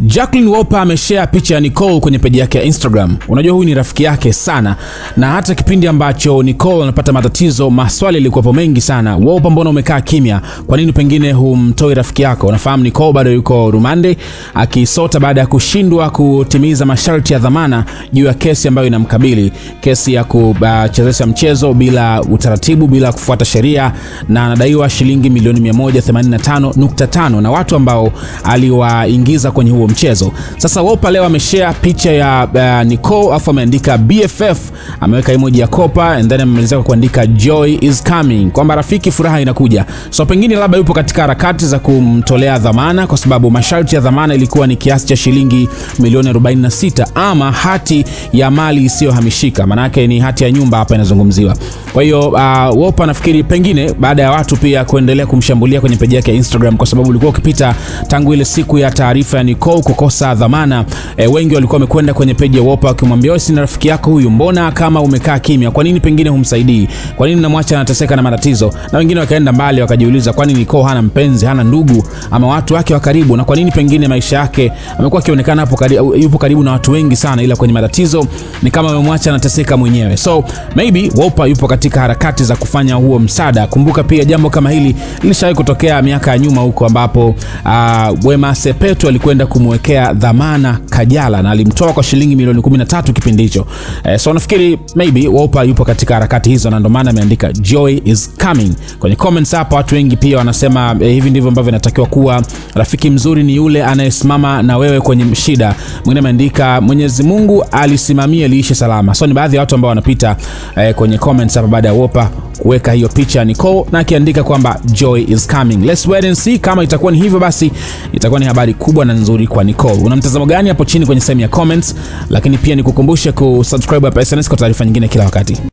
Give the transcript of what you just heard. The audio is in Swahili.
Jacqueline Wolper ameshare picha ya Nicole kwenye peji yake ya Instagram. Unajua huyu ni rafiki yake sana na hata kipindi ambacho Nicole anapata matatizo, maswali yalikuwapo mengi sana. Wolper, mbona umekaa kimya? Kwa nini pengine humtoi rafiki yako? Unafahamu Nicole bado yuko rumande akisota baada ya kushindwa kutimiza masharti ya dhamana juu ya kesi ambayo inamkabili, kesi ya kuchezesha mchezo bila utaratibu, bila kufuata sheria, na anadaiwa shilingi milioni 185.5 na watu ambao aliwaingiza kwenye huo mchezo. Sasa Wopa leo ameshare picha ya uh, Nicole afu ameandika BFF, ameweka emoji ya kopa and then amemalizia kuandika joy is coming, kwamba rafiki, furaha inakuja. So pengine labda yupo katika harakati za kumtolea dhamana, kwa sababu masharti ya dhamana ilikuwa ni kiasi cha shilingi milioni 46 ama hati ya mali isiyohamishika, maanake ni hati ya nyumba hapa inazungumziwa. Kwa hiyo uh, Wopa nafikiri pengine baada ya watu pia kuendelea kumshambulia kwenye peji yake ya Instagram, kwa sababu ulikuwa ukipita tangu ile siku ya taarifa ya Nicole au kukosa dhamana. E, wengi walikuwa wamekwenda kwenye peji ya Wopa wakimwambia si na rafiki yako huyu, mbona kama umekaa kimya? Kwa nini pengine humsaidii? Kwa nini unamwacha anateseka na matatizo? Na wengine wakaenda mbali wakajiuliza, kwani Nicole hana mpenzi, hana ndugu ama watu wake wa karibu? Na kwa nini pengine maisha yake amekuwa akionekana hapo karibu, yupo karibu na watu wengi sana, ila kwenye matatizo ni kama amemwacha anateseka mwenyewe. So maybe Wopa yupo katika harakati za kufanya huo msaada. Kumbuka pia jambo kama hili lilishawahi kutokea miaka ya nyuma huko ambapo uh, Wema Sepetu alikwenda kum alimwekea dhamana Kajala na alimtoa kwa shilingi milioni 13 kipindi hicho. Eh, so nafikiri maybe Wolper yupo katika harakati hizo na ndio maana ameandika joy is coming. Kwenye comments hapa watu wengi pia wanasema eh, hivi ndivyo ambavyo inatakiwa kuwa. Rafiki mzuri ni yule anayesimama na wewe kwenye shida. Mwingine ameandika Mwenyezi Mungu alisimamie liishe salama. So ni baadhi ya watu ambao wanapita eh, kwenye comments hapa baada ya Wolper kuweka hiyo picha ya Nicole na akiandika kwamba joy is coming. Let's wait and see kama itakuwa ni hivyo basi itakuwa ni habari kubwa na nzuri kwa kwa Nicole. Una mtazamo gani hapo chini kwenye sehemu ya comments, lakini pia nikukumbushe kusubscribe hapa SnS kwa taarifa nyingine kila wakati.